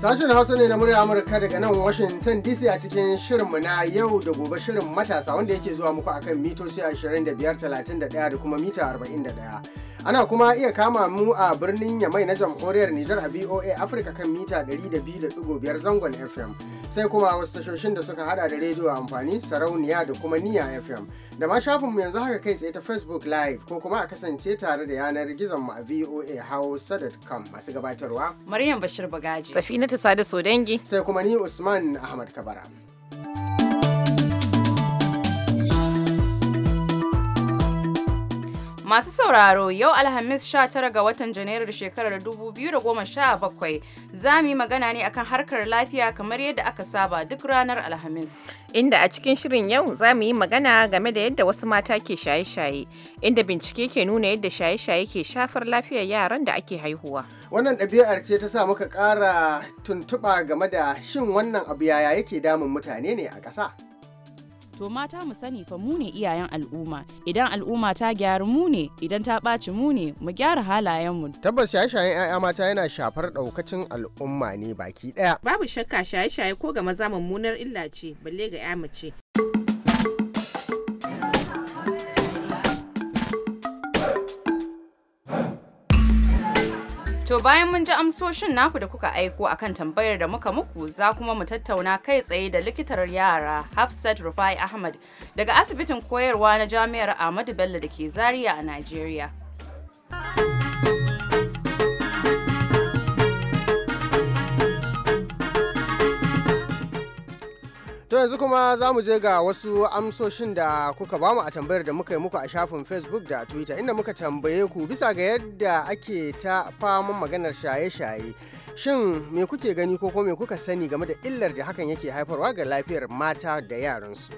Sashen Hausa ne na murya Amurka daga nan Washington DC a cikin shirinmu na yau da gobe shirin matasa wanda yake zuwa muku akan mitoci 25, 31 da kuma mita 41. Ana kuma iya kama mu a birnin Yamai na jamhuriyar Nijar a BOA Africa kan mita 200.5 zangon FM. Sai kuma wasu tashoshin da suka hada da rediyo amfani sarauniya da kuma niya FM. Da ma shafinmu yanzu haka kai tsaye ta Facebook Live ko kuma a kasance tare da yanar gizon mu a VOA Hausa.com masu gabatarwa. Maryam Bashir Bagaji. Safina ta sada Sodangi. Sai kuma ni Usman Ahmad Kabara. Masu sauraro yau Alhamis 19 ga watan Janairu shekarar 2017 za mu yi magana ne akan harkar lafiya kamar yadda aka saba duk ranar Alhamis. Inda a cikin shirin yau za mu yi magana game da yadda wasu mata ke shaye-shaye, inda bincike ke nuna yadda shaye-shaye ke shafar lafiyar yaran da ake haihuwa. Wannan ɗabi'ar ce ta sa muka ƙara tuntuɓa game da shin wannan abu yaya yake damun mutane ne a ƙasa. to mata mu sani fa mu ne iyayen al'umma idan al'umma ta gyara mu ne idan ta ɓaci mu ne mu gyara halayenmu tabbas shaye-shayen 'ya'ya mata yana shafar ɗaukacin al'umma ne baki ɗaya babu shakka shaye-shaye ko ga maza mummunar illa ce balle ga 'ya mace To bayan mun ji amsoshin naku da kuka aiko akan tambayar da muka muku za kuma mu tattauna kai tsaye da likitar yara Hafsat Rufai Ahmad daga asibitin koyarwa na Jami'ar Ahmadu Bello da ke Zaria a Najeriya. To yanzu kuma za mu je ga wasu amsoshin da kuka bamu a tambayar da muka yi muku a shafin Facebook da Twitter inda muka tambaye ku bisa ga yadda ake ta faman maganar shaye-shaye. Shin me kuke gani ko kuma me kuka sani game da illar da hakan yake haifarwa ga lafiyar mata da yaransu?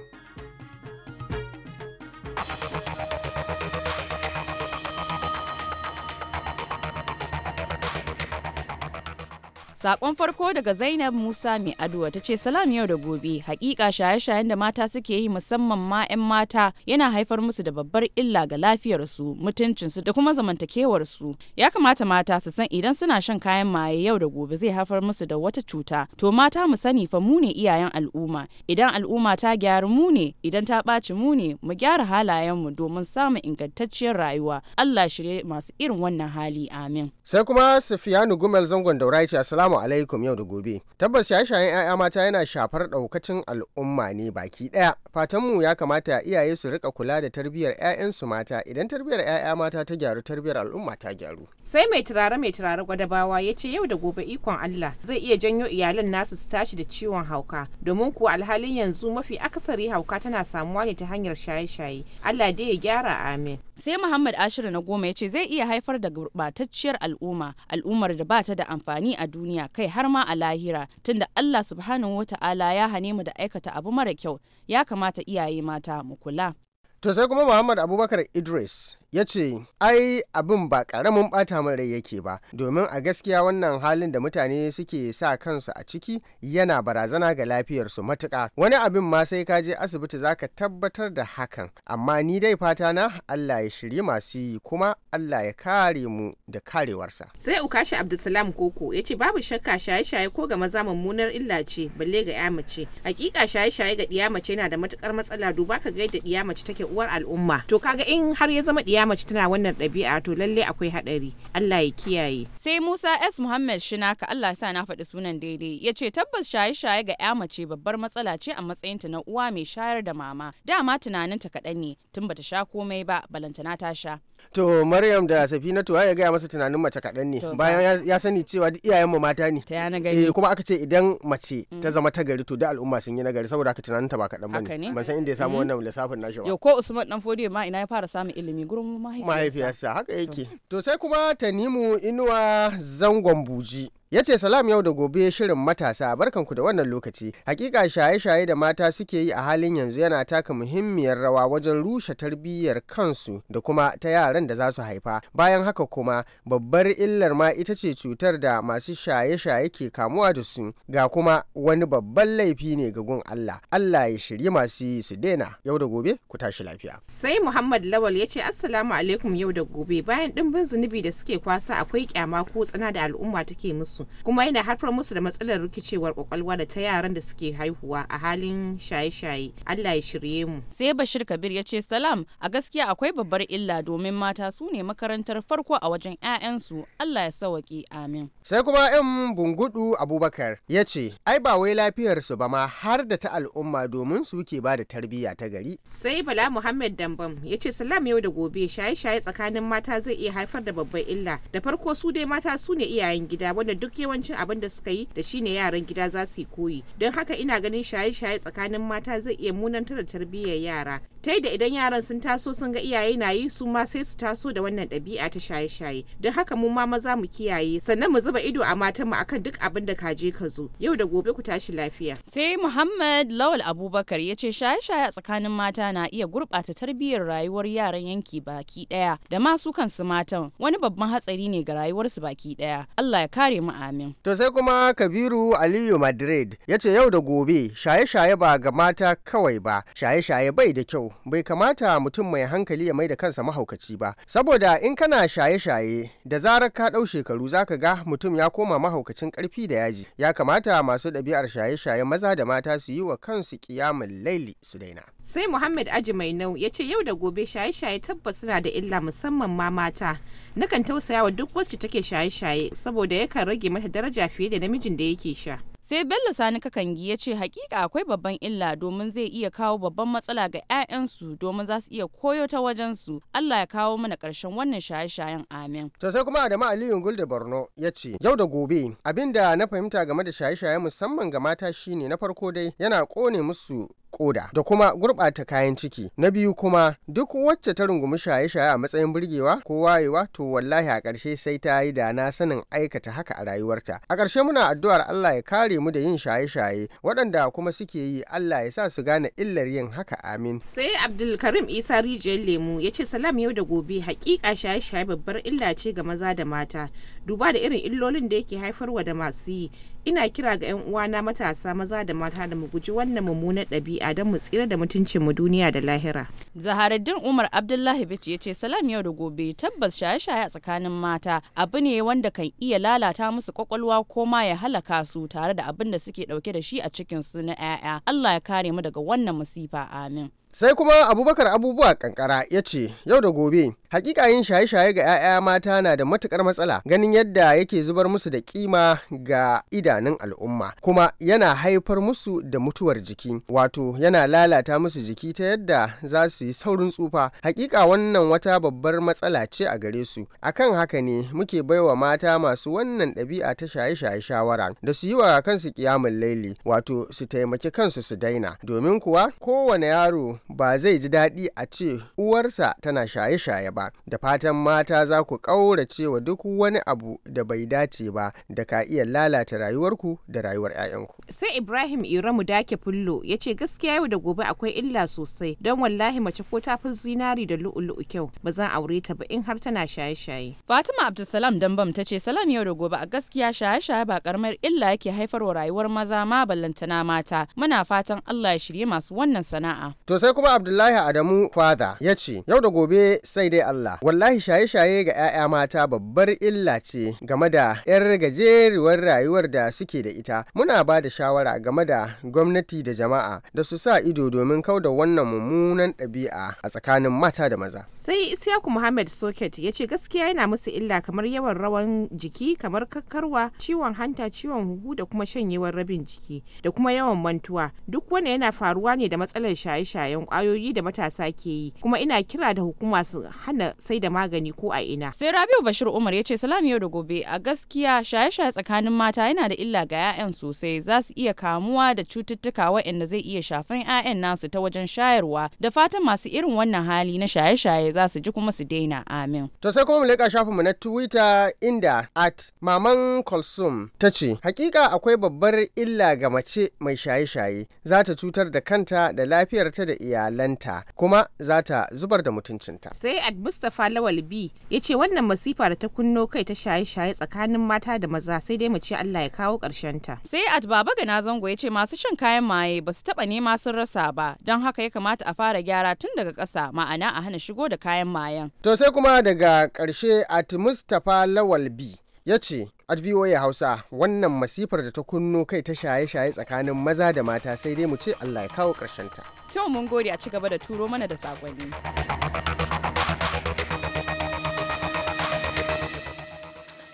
Sakon farko daga Zainab Musa mai aduwa ta ce salam yau da gobe hakika shaye-shayen da mata suke yi musamman ma 'yan mata yana haifar musu da babbar illa ga lafiyar lafiyarsu mutuncinsu da kuma zamantakewarsu. Ya kamata mata su san idan suna shan kayan maye yau da gobe zai haifar musu da wata cuta. To mata mu sani fa mu ne iyayen al'umma. Idan al'umma ta gyara mu ne, idan ta ɓaci mu ne, mu gyara halayen mu domin samun ingantacciyar rayuwa. Allah shirye masu irin wannan hali. Amin. Sai kuma Sufiyanu Gumel zangon Daura ya ce Assalamu alaikum yau da gobe. Tabbas shaye-shayen 'ya'ya mata yana shafar ɗaukacin al'umma ne baki ɗaya. Fatanmu ya kamata iyaye su rika kula da tarbiyyar 'ya'yansu mata idan tarbiyyar 'ya'ya mata ta gyaru tarbiyyar al'umma ta gyaru. Sai mai turare mai turare gwadabawa ya ce yau da gobe ikon Allah zai iya janyo iyalan nasu su tashi da ciwon hauka domin kuwa alhalin yanzu mafi akasari hauka tana samuwa ne ta hanyar shaye-shaye. Allah dai ya gyara amin. Sai Muhammad Ashiru na goma ya ce zai iya haifar da gurɓatacciyar al'umma al'ummar da ba ta da amfani a duniya duniya kai har ma a lahira tunda Allah subhanahu wata'ala ya hane mu da aikata abu mara kyau ya kamata iyaye mata mu kula to sai kuma muhammad abubakar idris ya ce ai abin ba karamin ɓata min rai yake ba domin a gaskiya wannan halin da mutane suke sa kansu a ciki yana barazana ga lafiyarsu matuka wani abin ma sai ka je asibiti zaka tabbatar da hakan amma ni dai fata na Allah ya shirye masu yi kuma Allah ya kare mu da karewarsa sai ukashi abdulsalam koko ya ce babu shakka shaye-shaye ko ga maza mummunar illa ce balle ga ya mace hakika shaye-shaye ga ɗiya mace yana da matukar matsala duba ka ga yadda ɗiya mace take uwar al'umma to kaga in har ya zama ɗiya mace tana wannan ɗabi'a to lalle akwai haɗari Allah ya kiyaye sai Musa S Muhammad Shinaka Allah sa na faɗi sunan daidai ya ce tabbas shaye-shaye ga 'ya mace babbar matsala ce a matsayinta na uwa mai shayar da mama dama tunaninta kaɗan ne tun bata sha komai ba balantana ta sha to maryam da safinatu ya gaya masa tunanin mace kaɗan ne bayan ya sani cewa duk mu mata ne eh kuma aka ce idan mace mm. ta zama ta gari to da al'umma sun yi nagari saboda aka tunanin ta ba kaɗan bane ban san inda ya samu mm. wannan lissafin nashi ba ko usman dan fodiyo ma ina ya fara samun ilimi gurin mahaifiyarsa mahaifiyarsa haka yake to sai kuma tanimu inuwa zangon buji ya ce salam yau da gobe shirin matasa barkanku da wannan lokaci hakika shaye-shaye da mata suke yi a halin yanzu yana taka muhimmiyar rawa wajen rushe tarbiyyar kansu da kuma ta yaran da za su haifa bayan haka kuma babbar illar ma ita ce cutar da masu shaye-shaye ke kamuwa da su ga kuma wani babban laifi ne ga gun Allah Allah ya shirye masu yi su daina yau da gobe ku tashi lafiya sai Muhammad Lawal ya ce assalamu alaikum yau da gobe bayan dimbin zunubi da suke kwasa akwai kyama ko tsana da al'umma take musu su kuma yana haifar musu da matsalar rikicewar kwakwalwa da ta yaran da suke haihuwa a halin shaye-shaye Allah ya shirye mu sai Bashir Kabir ya ce salam a gaskiya akwai babbar illa domin mata su ne makarantar farko a wajen su Allah ya sawaki amin sai kuma yan bungudu Abubakar ya ce ai ba wai lafiyar su ba ma har da ta al'umma domin su ke ba da tarbiyya ta gari sai Bala Muhammad Dambam ya ce salam yau da gobe shaye-shaye tsakanin mata zai iya haifar da babbar illa da farko su dai mata su ne iyayen gida wanda duk duk yawancin abin da suka yi da shine yaran gida za su yi koyi don haka ina ganin shaye-shaye tsakanin mata zai iya munantar da tarbiyyar yara ta da idan yaran sun taso sun ga iyaye na yi su ma sai su taso da wannan ɗabi'a ta shaye-shaye don haka mu ma maza mu kiyaye sannan mu zuba ido a matan mu akan duk abin da kaje ka zo yau da gobe ku tashi lafiya sai muhammad lawal abubakar ya ce shaye-shaye a tsakanin mata na iya gurɓata tarbiyyar rayuwar yaran yanki baki ɗaya da ma su kansu matan wani babban hatsari ne ga rayuwarsu baki ɗaya allah ya kare mu amin. To sai kuma Kabiru Aliyu Madrid ya ce yau da gobe shaye-shaye ba ga mata kawai ba shaye-shaye bai da kyau bai kamata mutum mai hankali ya mai da kansa mahaukaci ba saboda in kana shaye-shaye da zarar ka ɗau shekaru za ka ga mutum ya koma mahaukacin ƙarfi da yaji ya kamata masu ɗabi'ar shaye-shaye maza da mata su yi wa kansu ƙiyamin laili su daina. Sai Muhammad Aji Mai Nau ya ce yau da gobe shaye-shaye tabbas suna da illa musamman ma mata. Nakan tausaya wa duk wacce take shaye-shaye saboda yakan rage rage mata daraja fiye da namijin da yake sha sai bello sani kakangi ya ce hakika akwai babban illa domin zai iya kawo babban matsala ga 'ya'yansu domin za su iya koyo ta wajensu allah ya kawo mana karshen wannan shaye-shayen amin to sai kuma adamu aliyu gul da borno ya ce yau da gobe abin da na fahimta game da shaye-shaye musamman ga mata shine na farko dai yana kone musu koda da kuma gurɓata kayan ciki na biyu kuma duk wacce ta rungumi shaye-shaye a matsayin burgewa ko wayewa to wallahi a ƙarshe sai ta yi da na sanin aikata haka a rayuwarta a ƙarshe muna addu'ar allah ya kare kare mu da yin shaye-shaye waɗanda kuma suke yi Allah ya sa su gane illar yin haka amin. Sai Abdulkarim Isa Rijiyar Lemu ya ce salam yau da gobe hakika shaye-shaye babbar illa ce ga maza da mata duba da irin illolin da yake haifarwa da masu yi ina kira ga 'yan uwana matasa maza da mata da mu guji wannan mummunar ɗabi'a don mu tsira da mutuncin mu duniya da lahira. Zaharuddin Umar Abdullahi Bichi ya ce salam yau da gobe tabbas shaye-shaye a tsakanin mata abu ne wanda kan iya lalata musu kwakwalwa ko ma ya halaka su tare da abin da suke ɗauke da shi a cikin su na 'ya'ya. Allah ya kare mu daga wannan masifa amin. sai kuma abubakar abubuwa kankara ya ce yau da gobe hakika yin shaye-shaye ga 'ya'ya mata na da matukar matsala ganin yadda yake zubar musu da kima ga idanun al'umma kuma yana haifar musu da mutuwar jiki wato yana lalata musu jiki ta yadda za su yi saurin tsufa hakika wannan wata babbar matsala ce a gare su akan haka ne muke baiwa mata masu wannan ɗabi'a ta shaye-shaye shawara da su yi wa kansu kiyamun laili wato su taimaki kansu su daina domin kuwa kowane yaro ba zai ji daɗi a ce uwarsa tana shaye-shaye ba da fatan mata za ku ƙaura wa duk wani abu da bai dace ba da ka iya lalata rayuwarku da rayuwar 'ya'yanku. sai ibrahim iramu dake fullo ya ce gaskiya yau da gobe akwai illa sosai don wallahi mace ko ta fi zinari da lu'u-lu'u kyau ba zan aure ta ba in har tana shaye-shaye. fatima abdulsalam dambam ta ce salam yau da gobe a gaskiya shaye-shaye ba karamar illa yake haifarwa rayuwar maza ma ballantana mata muna fatan allah ya shirye masu wannan sana'a. to sai kuma abdullahi adamu fada ya ce yau da gobe sai dai allah wallahi shaye-shaye ga 'ya'ya mata babbar illa ce game da 'yar gajeruwar rayuwar da suke da ita muna ba da shawara game da gwamnati da jama'a da su sa ido domin kau da wannan mummunan ɗabi'a a tsakanin mata da maza sai isyaku muhammad soket ya ce gaskiya yana musu illa kamar yawan rawan jiki kamar kakkarwa ciwon hanta ciwon huhu da kuma shanyewar rabin jiki da kuma yawan mantuwa duk wani yana faruwa ne da matsalar shaye-shayen fataucin kwayoyi da matasa ke yi kuma ina kira da hukuma su hana sai da magani ko a ina sai rabiu bashir umar ya ce salam yau da gobe a gaskiya shaye-shaye tsakanin mata yana da illa ga 'ya'yan sosai za su iya kamuwa da cututtuka waɗanda zai iya shafan 'ya'yan nasu ta wajen shayarwa da fatan masu irin wannan hali na shaye-shaye za su ji kuma su daina amin to sai kuma mu leƙa shafinmu na twitter inda at maman kulsum ta ce hakika akwai babbar illa ga mace mai shaye-shaye za ta cutar da kanta da lafiyarta da iya iyalanta kuma za ta zubar da mutuncinta. Sai Ad Mustapha Lawal B ya ce wannan masifa da ta kunno kai ta shaye-shaye tsakanin mata da maza sai dai mu ce Allah ya kawo ƙarshen ta. Sai Ad Baba Gana Zango ya ce masu shan kayan maye ba su taɓa nema sun rasa ba don haka ya kamata a fara gyara tun daga ƙasa ma'ana a hana shigo da kayan mayan. To sai kuma daga ƙarshe At Mustapha Lawal B ya ce at hausa wannan masifar da ta kunno kai ta shaye-shaye tsakanin maza da mata sai dai mu ce allah ya kawo ta. to mun gode a ci gaba da turo mana da sakonni.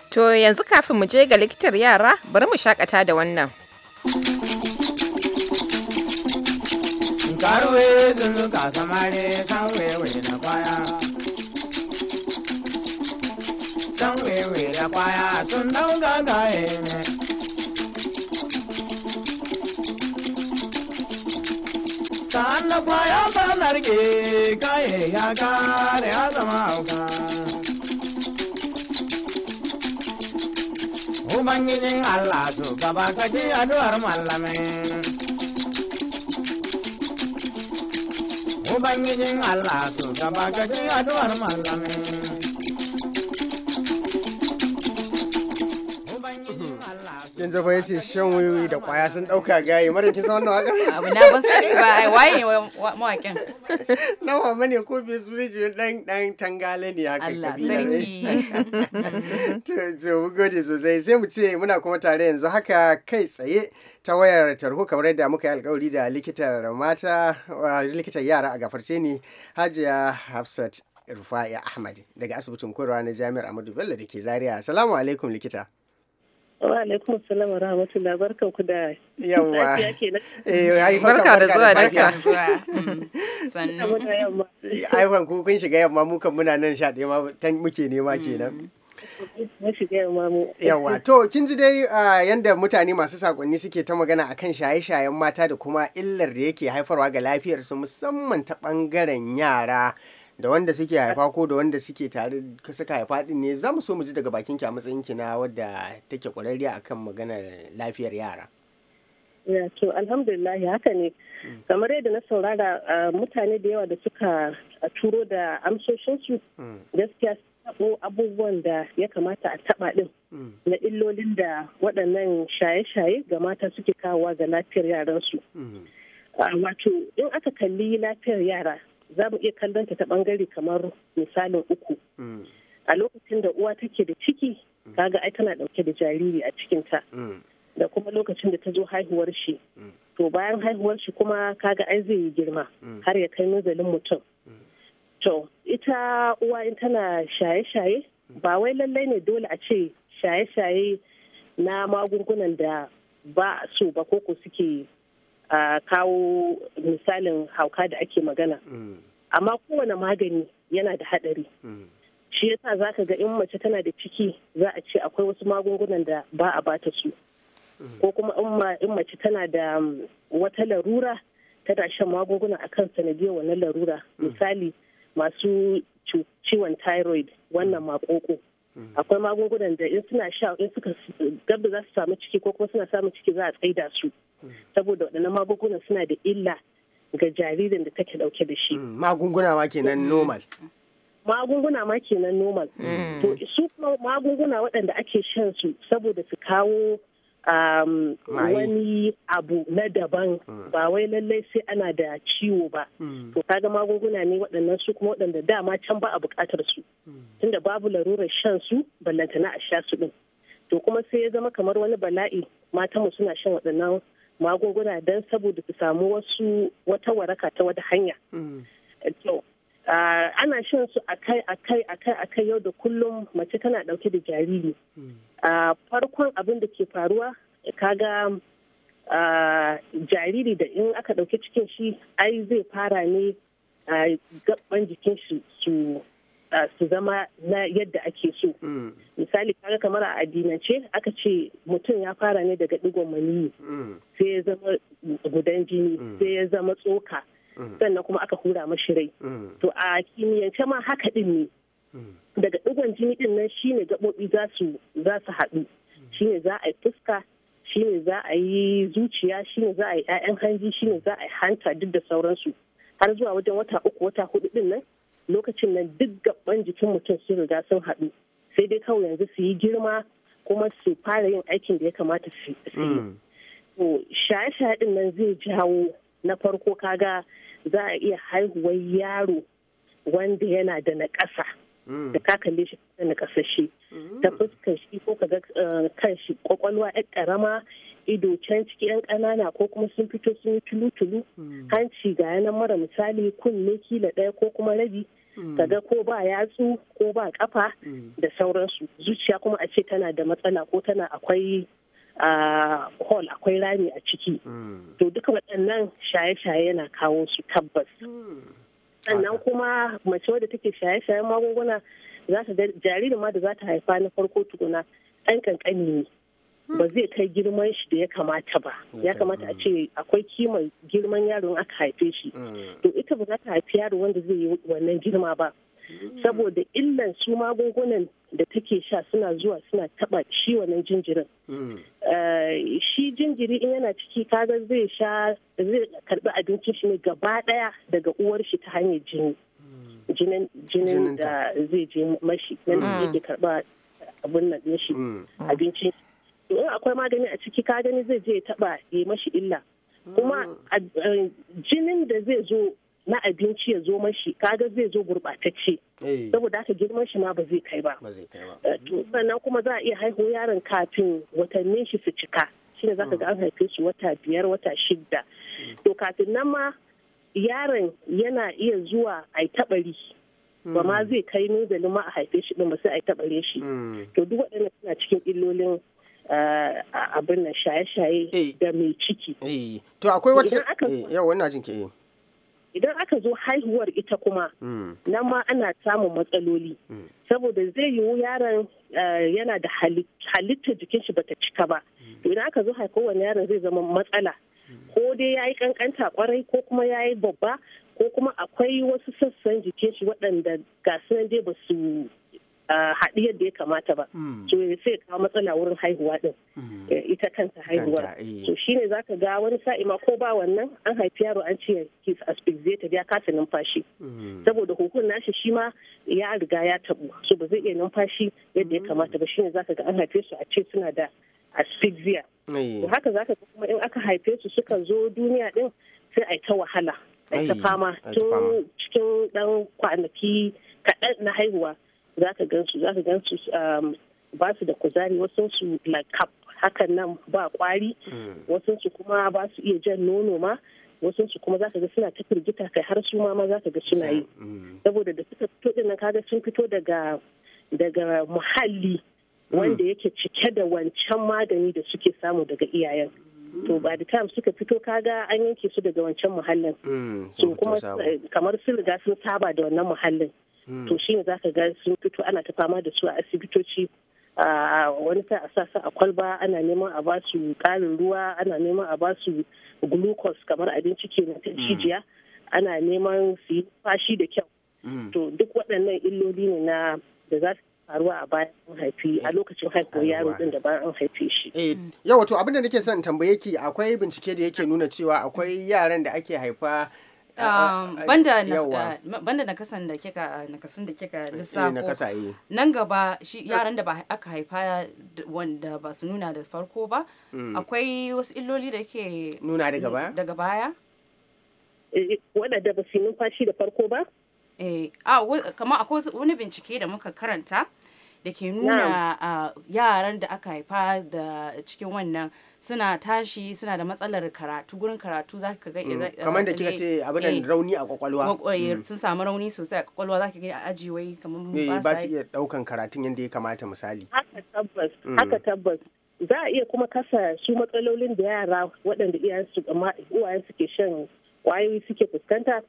to yanzu kafin mu je ga likitar yara bari mu shakata da wannan. Karuwe zulu ka samare sanwe na kwaya. dan wewe da kwaya sun dau gagaye ne. San na kwaya ta narke kaye ya kare ya zama hauka. Oh, Ubangijin Allah oh, su gaba kaji addu'ar mallamin. Ubangijin oh, Allah su gaba kaji addu'ar mallamin. kin jafa ya shan wuyoyi da kwaya sun dauka gaye mara kin san wannan wakar abu na ban sani ba ai waye mawakin na mama ne ko be su rijiyo dan dan tangale ne haka Allah sarki to to gode sosai sai mu ce muna kuma tare yanzu haka kai tsaye ta wayar tarho kamar yadda muka yi alkawari da likitar mata likitar yara a gafarce ni Hajiya Hafsat Rufa'i Ahmad daga asibitin koyarwa na Jami'ar Ahmadu Bello da ke Zaria. Assalamu alaikum likita. Wa alaikum salam wa rahmatullahi barkan ku da yawa. Eh, barka da zuwa mm, barka da zuwa. Sannu. Aifan ku kun shiga yamma mu kan muna nan sha ɗaya ma muke nema mm. kenan. yawa to kin ji dai yanda mutane masu saƙonni suke ta magana akan shaye-shayen mata da kuma illar da yake haifarwa ga lafiyarsu musamman ta bangaren yara da wanda suke haifa ko da wanda suke tare suka haifa din ne za mu so mu ji daga bakin ki a matsayin ki na wadda take kwararriya akan magana lafiyar yara to alhamdulillah haka ne mm. kamar yadda na saurara mutane da yawa da suka turo da amsoshinsu mm. gaskiya taɓo abubuwan da ya kamata a taɓa ɗin mm. na illolin da waɗannan shaye-shaye ga mata suke kawowa ga lafiyar yaransu. Wato in aka kalli lafiyar yara za mu iya kallon ta ta bangare kamar misalin uku mm. a lokacin da uwa take da ciki mm. kaga ai tana dauke da jariri a cikinta mm. da kuma lokacin da ta zo haihuwar shi to bayan haihuwar shi kuma kaga ai zai yi girma har ya kai nazalin mutum to ita uwa in tana shaye-shaye ba wai lallai ne dole a ce shaye-shaye na magungunan da ba su ba koko suke kawo misalin hauka da ake magana mm. amma kowane magani yana da haɗari mm. shi yasa za ka ga in mace tana da ciki za a ce akwai wasu magungunan da ba a bata su mm. ko kuma in mace tana da um, wata larura tana shan magunguna a akan sanadiyar wannan larura misali masu ciwon thyroid wannan makoko akwai magungunan da in suna sha in suka gabda za su samu ciki ko kuma suna samun ciki za a tsaida su saboda waɗannan magungunan suna da illa ga jaririn da take ɗauke da shi mm, magunguna ma kenan mm. normal magunguna ma kenan normal mm. to su kuma magunguna waɗanda ake shan su saboda su kawo Um, wani abu na daban hmm. ba wai lallai sai ana da ciwo ba hmm. to to kaga magunguna ne waɗannan su kuma waɗanda dama can ba a buƙatar su hmm. tunda babu larurar shan su ballantana a sha su ɗin to kuma sai ya zama kamar wani bala'i matanmu suna shan waɗannan magunguna don saboda su samu wasu wata waraka ta wata hanya to Ah, ana shan su akai akai akai akai yau da kullum mace tana dauke da jariri ah, farkon abin da ke faruwa kaga ah, jariri da in aka dauke cikin shi ai zai fara ne gaban jikin shi su zama na yadda ake so misali kaga kamar a addinance aka ce mutum ya fara ne daga digon maniyi mm. sai ya zama gudan jini mm. sai ya zama tsoka Mm. sannan kuma aka hura mashi rai mm. to a kimiyyance ma haka din ne mm. daga digon jini din nan shine gaɓoɓi za su za su haɗu shine za a yi fuska shine za a yi zuciya shine za a yi 'ya'yan hanji shine za a yi hanta duk da sauransu har zuwa wajen wata uku wata huɗu din nan lokacin nan duk gaban jikin mutum sun riga sun haɗu sai dai kawai yanzu su yi girma kuma su fara yin aikin da ya kamata su yi shaye-shaye din nan zai jawo na farko kaga za a iya haihuwar yaro wanda yana da naƙasa mm. da ka kalle shi da shi. Mm. ta fuskar shi ko kaga eh, kan shi kwakwalwa yan ƙarama ido can ciki yan ƙanana ko kuma sun fito sun yi tulu-tulu mm. hanci ga yanan mara misali kunne kila ɗaya ko kuma rabi kaga ko ba yatsu ko ba ƙafa da sauransu zuciya kuma a ce tana da matsala ko tana akwai a hall akwai rami a ciki mm. to duka waɗannan shaye-shaye yana kawo su tabbas mm. sannan kuma mace wadda take shaye-shayen magunguna za ta jaririn ma da za ta haifa na farko tukuna ɗan kankani ne hmm. ba zai kai girman shi da ya kamata ba ya kamata a ce akwai kimar girman yaron aka haife shi hmm. to ita ba za ta haifi yaro wanda zai yi wannan girma ba Hmm. saboda illan su magungunan da take sha suna zuwa suna taba shi wannan jinjirin hmm. eh, shi jinjiri in yana ciki kaga zai sha zai karbi abincin shi ne gaba daya daga uwar shi ta hanyar jini hmm. jinin da zai je mashi nan yake karba abin nan shi abincin in akwai magani a ciki ka gani zai je ya taba ya mashi illa kuma eh, jinin da zai zo na abinci ya zo mashi kaga zai zo gurɓatacce eh. saboda haka girman shi ma ba zai kai ba eh, sannan kuma za a iya haihu yaron kafin watannin shi su cika shine zaka ga an hmm. haife shi wata biyar wata shidda hmm. to kafin nan ma yaron yana iya zuwa a taɓari ba ma hmm. zai kai nuzalin ma a haife shi ba sai a taɓare shi to duk waɗannan suna cikin illolin eh, abin nan shaye-shaye da mai ciki to akwai wata yau wannan jin idan aka zo haihuwar ita kuma mm. nan ma ana samun matsaloli mm. saboda zai yiwu yaron eh, yana da halittar jikin shi bata cika ba mm. to idan aka zo haihuwar yaron zai zama matsala ko dai ya yi kankanta kwarai ko kuma ya yi babba ko kuma akwai wasu sassan jikin shi waɗanda ga dai ba su haɗi yadda ya kamata ba hmm. so sai kawo matsala wurin haihuwa ɗin. Hmm. Eh, ita kanta haihuwar eh. so shine zaka ga wani sa'i ma ko ba wannan an haifi yaro an ce his asphyxiated ya kasa numfashi hmm. saboda huhun na shi ma ya riga ya tabu so ba zai iya numfashi yadda ya kamata ba shine zaka ga an haife su a ce suna da asphyxia eh. haka zaka ga kuma in aka haife su suka zo duniya din sai a ta wahala a ta fama tun cikin ɗan kwanaki kaɗan na haihuwa za ka gansu za ka gansu um, ba su da kuzari wasu su like cup hakan nan ba kwari mm. wasu su kuma ba su iya jan nono ma wasu su kuma za ka ga suna ta firgita kai har su ma za ka ga suna yi mm. saboda da suka fito din kaga sun fito daga daga muhalli mm. wanda yake cike da wancan magani da suke samu daga iyayen to ba da time suka fito kaga an yanke su daga wancan muhallin so kuma kamar sun riga sun saba da wannan muhallin to mm. shi ne za ka ga sun fito ana ta fama da su a asibitoci a wani ta a su a kwalba ana neman a ba su karin ruwa ana neman a ba su glucose kamar abinci ke na ta mm. jijiya ana neman su yi fashi da kyau mm. to duk waɗannan illoli ne na da za su faruwa a bayan haifi a lokacin haihuwar yaro din da bayan an haife shi. Eh, yawa wato abin da nake son tambaye ki akwai bincike da yake nuna cewa akwai yaran da ake haifa Um, banda kasan da kika nakasan da kika ah, eh, lissafo nan gaba shi yaran da ba aka haifa wanda ba su nuna da farko ba mm. akwai wasu illoli da ke nuna daga baya daga baya eh, ba su numfashi da farko ba eh a kamar akwai wani bincike da muka karanta da ke nuna yaran da aka haifa da cikin wannan suna tashi suna da matsalar karatu gurin karatu za ka ga mm. kamar da kika ce abin da eh, rauni a kwakwalwa mm. sun samu rauni sosai a kwakwalwa za ka ga a aji wai kamar eh, ba su iya daukan karatun yadda ya kamata misali haka tabbas mm. haka tabbas za a iya kuma kasa su matsalolin da yara waɗanda iyayensu amma uwayen ke shan kwayoyi suke fuskanta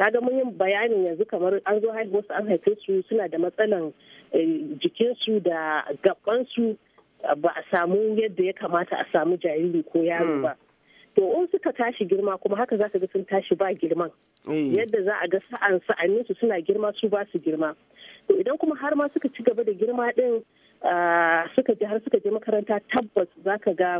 kaga mun yi bayanin yanzu kamar an zo haihu su an haife su suna da matsalan eh, jikinsu da gabansu ba a samu yadda ya kamata a samu jariri ko yaro mm. ba to in suka tashi girma kuma haka za ka ga sun tashi ba girman eh. yadda za a ga sa'an sa'annin su suna girma su ba su girma to idan kuma har ma suka ci gaba da girma din ah, suka ji har suka je makaranta tabbas za ka ga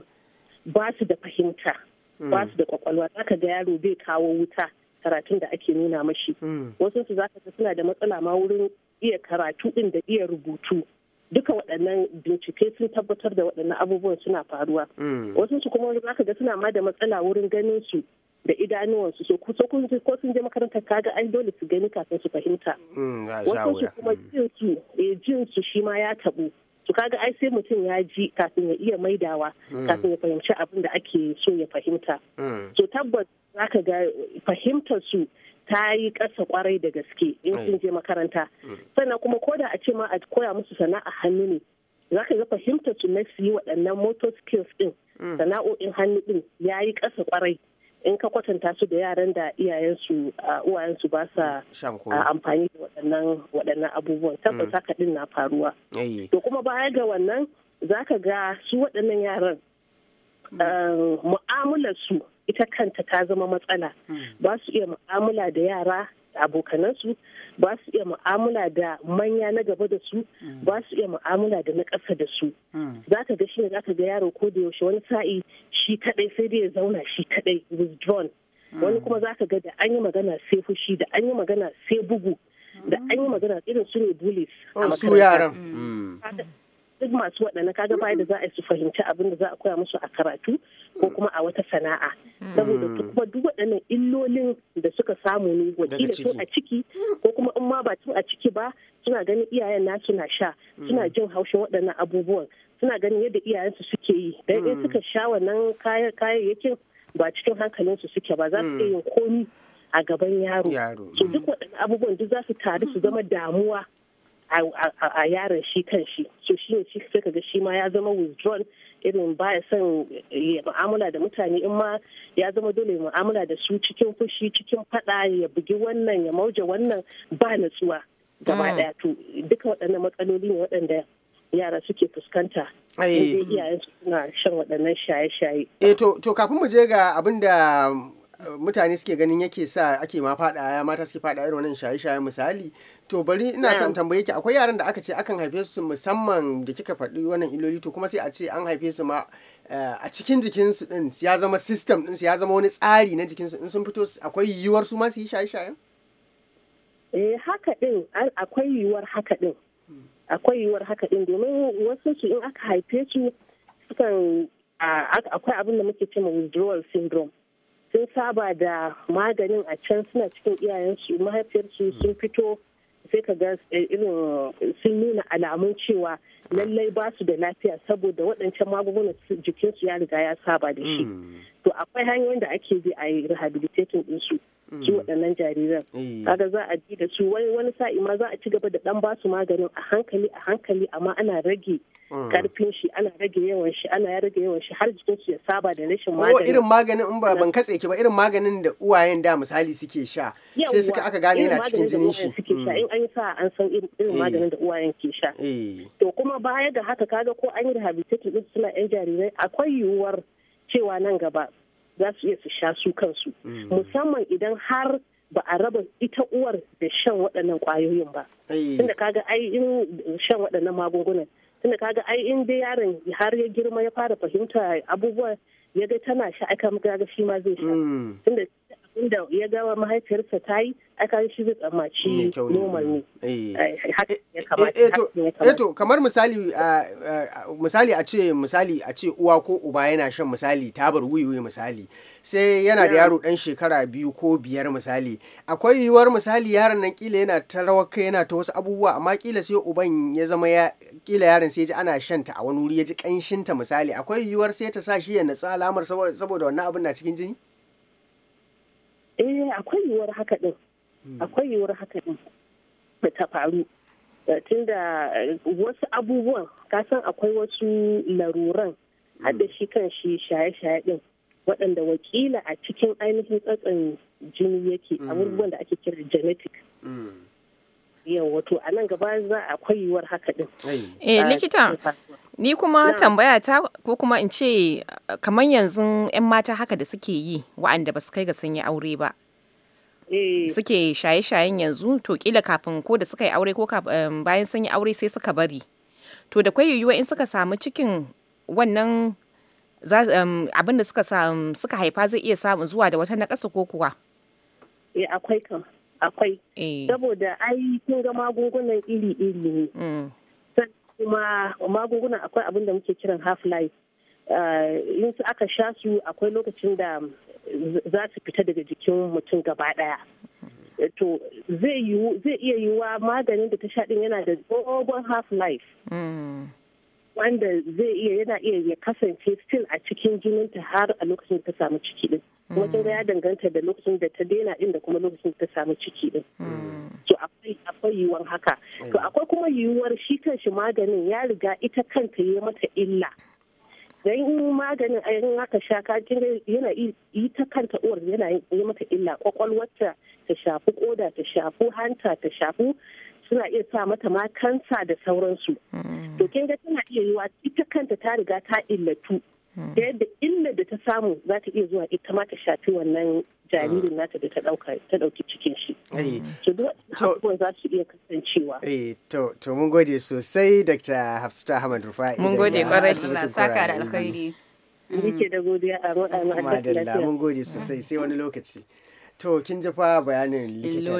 ba su da fahimta mm. ba su da kwakwalwa za ka ga yaro bai kawo wuta karatun da ake nuna mashi hmm. wasu su zaka ta suna da matsala ma wurin iya karatu din da iya rubutu duka waɗannan bincike sun tabbatar da waɗannan abubuwan suna faruwa hmm. wasu su kuma wani zaka ga suna ma da matsala wurin ganin su da idanuwansu so ko sun je makarantar kaga an dole su gani kafin su fahimta hmm, wasu su kuma eh, jin shi ma ya taɓu. to kaga ai sai mutum ya ji kafin ya iya maidawa mm. kafin ya fahimci abin da ake so ya fahimta mm. so tabbas za ka ga fahimtar su ta yi ƙasa kwarai da gaske in sun mm. je makaranta sannan kuma ko da a ce ma a koya musu sana'a hannu ne za ka ga fahimtar su na su yi waɗannan motor skills din sana'o'in hannu din ya yi ƙasa kwarai in ka kwatanta su da yaran da iyayensu uwayensu ba sa amfani da waɗannan waɗannan abubuwan mm. tabbas haka din na faruwa to kuma baya ga wannan zaka ga su waɗannan yaran mm. um, mu'amular su ita kanta ta zama matsala mm. ba su iya mu'amala da yara abokanansu ba su iya mu'amala da manya na gaba da su mm. ba su iya mu'amala da na ƙasa da su mm. za ka ga shi ne za ka ga yaro ko da yaushe wani sa'i shi kadai sai dai ya zauna shi kadai withdrawn mm. wani kuma za ka ga da an yi magana sai fushi da an yi magana sai bugu da an yi magana irin su ne bullies a oh, makaranta duk masu waɗanda kaga baya da za a su fahimci abin da za a koya musu a karatu ko kuma a wata sana'a saboda kuma duk waɗannan illolin da suka samu ne wakila tun a ciki ko kuma in ma ba tun a ciki ba suna ganin iyayen na suna sha mm. suna jin haushin waɗannan abubuwan suna ganin yadda iyayensu suke yi dan in mm. suka sha wannan kayayyakin ba cikin hankalinsu suke ba za su iya mm. yin komi a gaban yaro. So duk waɗannan abubuwan duk za su taru su zama damuwa a yaron shi kan shi so shi ne sai kaga shi ma ya zama withdrawn irin ba ya son ya mu'amala da mutane in ma ya zama dole mu'amala da su cikin fushi cikin fada ya bugi wannan ya mauje wannan ba natsuwa gaba daya mm. to duka waɗannan matsaloli ne waɗanda yara suke fuskanta iyayen suna shan waɗannan shaye-shaye. Eh to kafin mu je ga abin da mutane suke ganin yake sa ake ma fada ya mata suke fada irin wannan shaye-shaye misali to bari ina son tambaye ki akwai yaran da aka ce akan haife su musamman da kika faɗi wannan iloli to kuma sai a ce an haife su ma eh, a cikin jikinsu din ya zama system din su ya zama wani tsari na jikinsu in sun fito akwai yiwuwar su ma su yi shaye shaye. eh haka din akwai yiwuwar haka din akwai yiwuwar haka din domin wasu su in aka haife su sukan akwai abin da muke cewa withdrawal syndrome sun saba da maganin a can suna cikin iyayensu mahaifiyarsu sun fito sai ka ga eh, irin sun nuna alamun cewa lallai ba su da lafiya saboda waɗancan magungunan jikinsu ya riga ya saba da shi hmm. to akwai hanyoyin da ake bi a yi rehabilitating ɗinsu Mm. su waɗannan jariran eh. kaga za a ji da su wani wani sa'i ma za a ci gaba da dan basu maganin a hankali a hankali amma ana rage karfin mm. shi ana rage yawan shi ana rage yawan shi har jikin su ya saba da rashin magani oh irin maganin in ba ban katse ki ba irin maganin da uwayen da misali suke sha sai suka aka gane yana cikin jinin shi suke sha mm. in an sa an san irin eh. maganin da uwayen ke sha eh. to kuma baya ga haka kaga ko an yi rehabilitation din suna yan jarirai akwai yiwuwar cewa nan gaba za su iya su sha su kansu mm. musamman idan har ba a raba ita uwar da shan waɗannan ƙwayoyin ba tunda kaga ai in shan waɗannan magungunan tunda kaga ai in dai yaron har ya girma ya fara fahimta abubuwa ya ga tana sha aka ga shi ma zai sha mm. tunda inda ya gawa mahaifiyarsa ta yi aka yi shi zai tsammaci normal ne eto eh. eh, eh, kamar misali misali a ce misali a ce uwa ko uba yana shan misali tabar wiwi misali sai yana da yaro dan shekara biyu ko biyar misali akwai yiwuwar misali yaron nan kila yana ta rawar kai yana ta wasu abubuwa amma kila sai uban ya zama ya kila yaron sai ji ana shan ta a wani wuri ya ji kanshin ta misali akwai yiwuwar sai ta sa shi ya natsa alamar saboda wannan abin na cikin jini eh akwai yiwuwar haka din hmm. akwai yiwuwar haka din da ta faru eh, tunda eh, wasu abubuwan kasan akwai wasu laruran hmm. hada shi kan shi shaye-shaye din waɗanda wakila a cikin ainihin tsatsan jini yake hmm. abubuwan da ake kira genetic yau wato a nan gaba za a akwai yiwuwar haka din eh ah, likita ni kuma tambaya ta ko kuma in ce ah, kamar yanzu 'yan mata haka da suke yi wa'anda ba su kai ga sun yi aure ba eh. suke shaye-shayen yanzu to kila kafin ko da suka yi aure ko bayan sun yi aure sai suka bari to da kwai yiwuwa in suka samu cikin wannan abin da suka haifa zai iya samu zuwa da wata nakasa ko kuwa eh, akwai kan akwai eh. saboda ai sun ga magungunan iri-iri ne mm. kuma magungunan akwai abin da muke kiran half life eh, in su aka sha su akwai lokacin da za su fita daga jikin mutum gaba daya to zai iya yiwuwa maganin da ta sha din yana da dogon half life mm. wanda zai iya yana iya ya kasance still a cikin jininta har a lokacin da ta samu ciki din kuma kin ga ya danganta da lokacin da ta daina inda kuma lokacin ta samu ciki din to akwai akwai yiwuwar haka to mm. akwai kuma yiwuwar shi kan shi maganin ya riga ita kanta ya mata illa dan in maganin aka sha ka yana yi ta kanta uwar yana yi mata illa kwakwalwarta ta shafi koda ta shafu hanta ta shafu suna iya sa mata ma kansa da sauransu mm. to kin ga tana iya yiwa ita kanta ta riga ta illatu Mm. da yadda illar da ta samu za ta iya zuwa ita ma ta shafi wannan jaririn mm. nata da ta dauka ta dauki cikin shi eh. mm. to abubuwan za su iya kasancewa eh to to mun gode sosai Dr. Hafsat Ahmad Rufai mun gode kwarai Allah saka da alkhairi nake da godiya a mun gode sosai sai wani lokaci To kin ji fa bayanin likita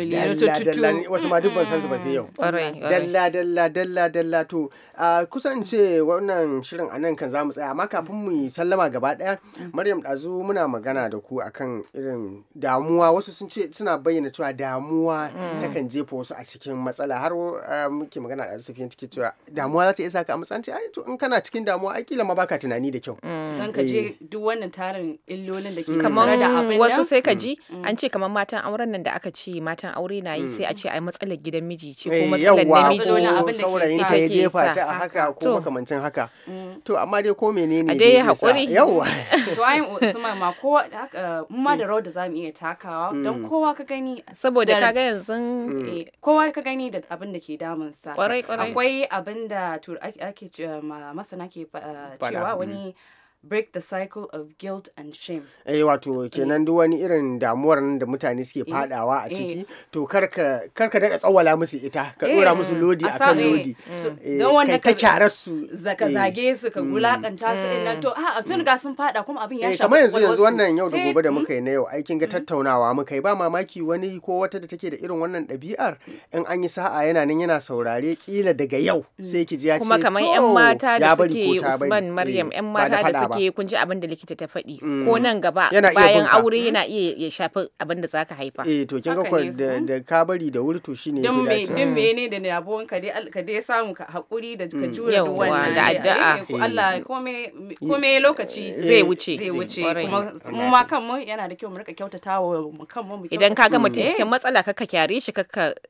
wasu ma duk ban san su ba sai yau. Dalla dalla dalla dalla to a kusance wannan shirin anan kan zamu tsaya amma kafin mu sallama gaba daya mm. Maryam dazu muna magana da ku akan irin damuwa wasu sun ce suna bayyana cewa damuwa mm. ta kan jefa wasu a cikin matsala har muke magana da su fiye cewa damuwa za ta isa ka a matsayin ce ai to in kana cikin damuwa ai kila ma baka tunani da kyau. Mm. Dan ka je eh. duk wannan tarin illolin da ke kamar da abin wasu sai ka ji an ce kamar matan auren nan da aka ce matan aure na yi sai a ce mm. ai matsalar gidan miji ce ko eh, matsalar namiji ko saurayin ta ya jefa ta a haka ko makamancin haka mm. to amma dai ko menene ne ya hakuri yawa to ai Usman ma ko ma da mm. rawar da zamu iya takawa don kowa ka gani saboda ka ga yanzu eh, kowa ka gani da abin da ke damun sa akwai abin da ake masana ke cewa wani break the cycle of guilt and shame eh wato kenan duk wani irin damuwar nan da mutane suke eh, fadawa a eh. ciki to karka karka daga tsawala musu ita ka dora eh, musu lodi akan lodi mm. don wanda ka kyara su zaka zage su ka gulakanta mm. su din to mm. a tun ga sun fada kuma abin ya shafa kamar yanzu yanzu wannan yau da gobe da muka yi na yau aikin ga tattaunawa muka yi ba mamaki wani ko wata da take da irin wannan ɗabi'ar in an yi sa'a yana nan yana saurare kila daga yau sai ki ji ya ce kuma kamar yan mata da suke Usman Maryam yan mata da je kun ji abin da likita ta faɗi ko mm. nan gaba bayan aure yana iya ya shafi abin da zaka haifa eh to kin ga da ka bari da wuri to shine din me din mm. ne da yabon ka dai ka dai samu ka hakuri da ka mm. jure da wannan da eh, addu'a eh, Allah eh. kome kome lokaci zai wuce zai wuce kuma mu ma kanmu yana da kyau mu rika kyautatawa mu kanmu idan ka ga mutum cikin matsala ka kyare shi ka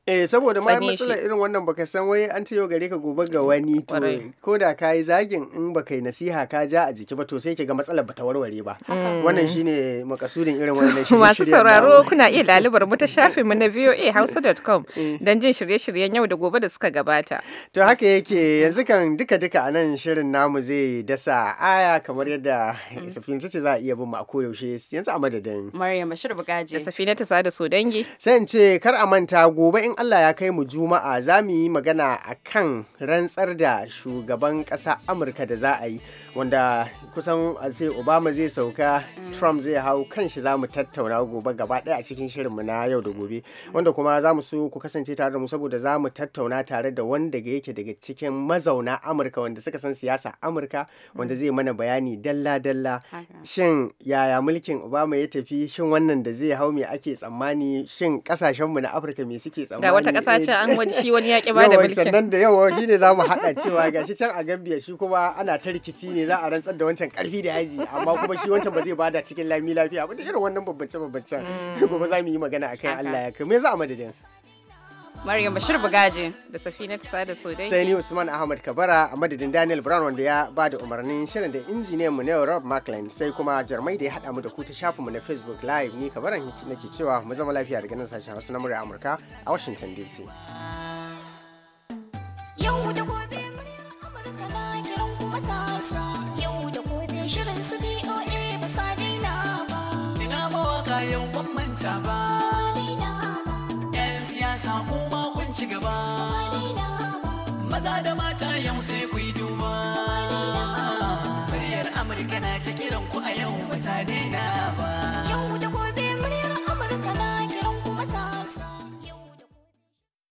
eh saboda ma matsala irin wannan baka san wai an ta yau gare ka gobe ga wani to ko da kai zagin in baka yi nasiha ka ja a jiki ba to sai ke ga matsalar bata warware ba hmm. wannan shine makasudin irin wannan shirye masu sauraro kuna iya lalubar mu ta shafin mu na voahausa.com hmm. don jin shirye-shiryen yau da gobe da suka gabata to haka yake yanzu kan duka-duka a nan shirin namu zai dasa aya kamar yadda hmm. safin ce za a iya bin mu a koyaushe yanzu a madadin maryam bashir bugaji da safina ta sada so dangi sai in ce kar a manta gobe in Allah ya kai mu juma'a za mu yi magana akan rantsar da shugaban ƙasa amurka da za a yi wanda kusan sai obama zai sauka trump zai hau kan shi za mu tattauna gobe gaba daya a cikin shirinmu na yau da gobe wanda kuma za mu so ku kasance tare da mu saboda za mu tattauna tare da wanda yake daga cikin mazauna amurka wanda suka san siyasa amurka wanda zai mana bayani dalla dalla shin yaya mulkin obama ya tafi shin wannan da zai hau me ake tsammani shin kasashenmu na afirka me suke tsammani ga wata kasa ce an wani shi wani yaki ba da mulkin sannan da yawa shine za mu haɗa cewa gashi can a gambia shi kuma ana ta rikici ne za a rantsar da wancan karfi da yaji amma kuma shi wancan ba zai bada cikin lami lafiya ba da irin wannan babbance babbance hmm. gobe za mu yi magana akan Allah ya kai me za a madadin Maryam Bashir Bugaje da Safina Sada Sodai. Sai ni Usman Ahmad Kabara a madadin Daniel Brown wanda ya ba da umarnin shirin da injiniyan mu ne Rob Macklin sai kuma Jarmai da ya hada mu da ku ta shafin mu na Facebook Live ni Kabaran nake cewa mu zama lafiya daga nan sashen Hausa na murya Amurka a Washington DC. Yau da gobe murya Amurka na kiran kuma ta manta ba yan siyasa kuma kun ci gaba maza da mata yau sai ku yi duba muryar amurka na ta kiran ku a yau ba ta daina ba